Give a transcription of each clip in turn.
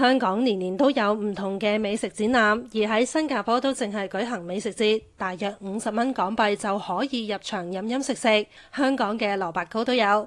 香港年年都有唔同嘅美食展覽，而喺新加坡都淨係舉行美食節，大約五十蚊港幣就可以入場飲飲食食，香港嘅蘿蔔糕都有。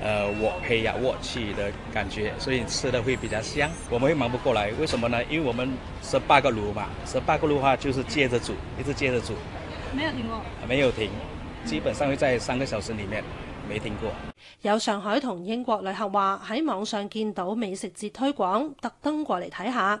呃，我黑呀，我氣的感覺，所以吃的會比較香。我們會忙不過來，為什麼呢？因為我們十八個爐嘛，十八個爐的話就是接着煮，一直接着煮。沒有停過？沒有停，基本上會在三個小時裏面，沒停過。有上海同英國旅客話喺網上見到美食節推廣，特登過嚟睇下。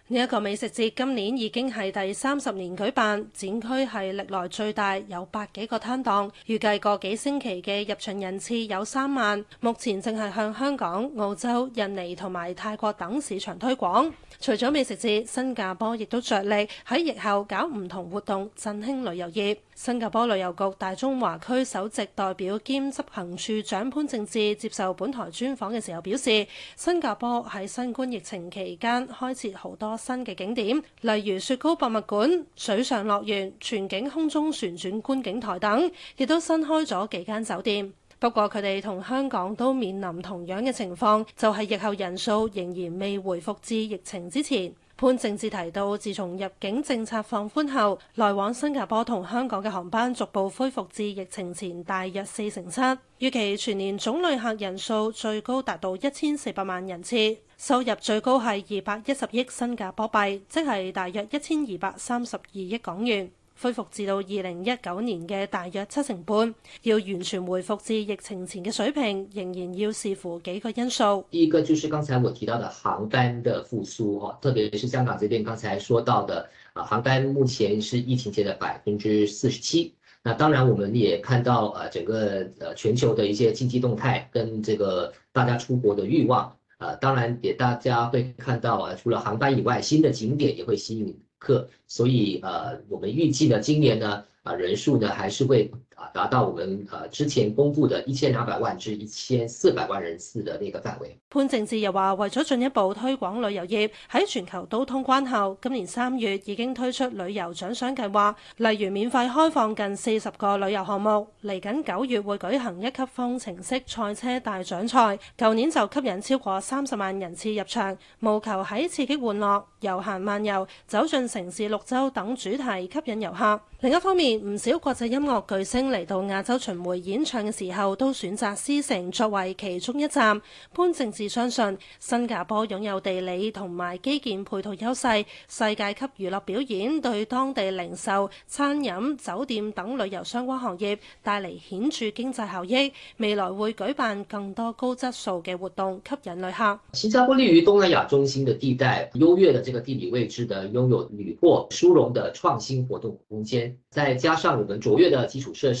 呢一個美食節今年已經係第三十年舉辦，展區係歷來最大，有百幾個攤檔，預計個幾星期嘅入場人次有三萬。目前正係向香港、澳洲、印尼同埋泰國等市場推廣。除咗美食節，新加坡亦都着力喺疫後搞唔同活動，振興旅遊業。新加坡旅遊局大中華區首席代表兼執行署長潘政志接受本台專訪嘅時候表示，新加坡喺新冠疫情期間開設好多新嘅景點，例如雪糕博物館、水上樂園、全景空中旋轉觀景台等，亦都新開咗幾間酒店。不過佢哋同香港都面臨同樣嘅情況，就係疫後人數仍然未回復至疫情之前。潘政志提到，自從入境政策放寬後，來往新加坡同香港嘅航班逐步恢復至疫情前大約四成七。預期全年總旅客人數最高達到一千四百萬人次，收入最高係二百一十億新加坡幣，即係大約一千二百三十二億港元。恢復至到二零一九年嘅大約七成半，要完全回復至疫情前嘅水平，仍然要視乎幾個因素。第一個就是剛才我提到的航班的復甦，特別是香港這邊剛才說到的啊，航班目前是疫情前嘅百分之四十七。那當然我們也看到啊，整個全球的一些經濟動態跟這個大家出國的欲望，啊當然也大家會看到啊，除了航班以外，新的景點也會吸引。課，所以呃，我們預計呢，今年呢，啊、呃，人數呢，還是會。達到我們之前公布的一千兩百萬至一千四百萬人次的呢個範圍。潘政志又話，為咗進一步推廣旅遊業，喺全球都通關後，今年三月已經推出旅遊獎賞計劃，例如免費開放近四十個旅遊項目。嚟緊九月會舉行一級方程式賽車大獎賽，舊年就吸引超過三十萬人次入場。務求喺刺激玩樂、遊行、漫遊、走進城市綠洲等主題吸引遊客。另一方面，唔少國際音樂巨星，嚟到亞洲巡迴演唱嘅時候，都選擇獅城作為其中一站。潘政志相信，新加坡擁有地理同埋基建配套優勢，世界級娛樂表演對當地零售、餐飲、酒店等旅遊相關行業帶嚟顯著經濟效益。未來會舉辦更多高質素嘅活動，吸引旅客。新加坡位於東南亞中心嘅地帶，優越嘅這個地理位置的擁有屢獲殊榮的創新活動空間，再加上我們卓越的基礎設施，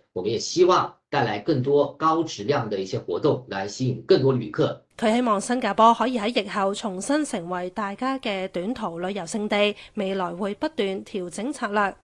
我們也希望帶來更多高質量的一些活動，來吸引更多旅客。佢希望新加坡可以喺疫後重新成為大家嘅短途旅遊勝地，未來會不斷調整策略。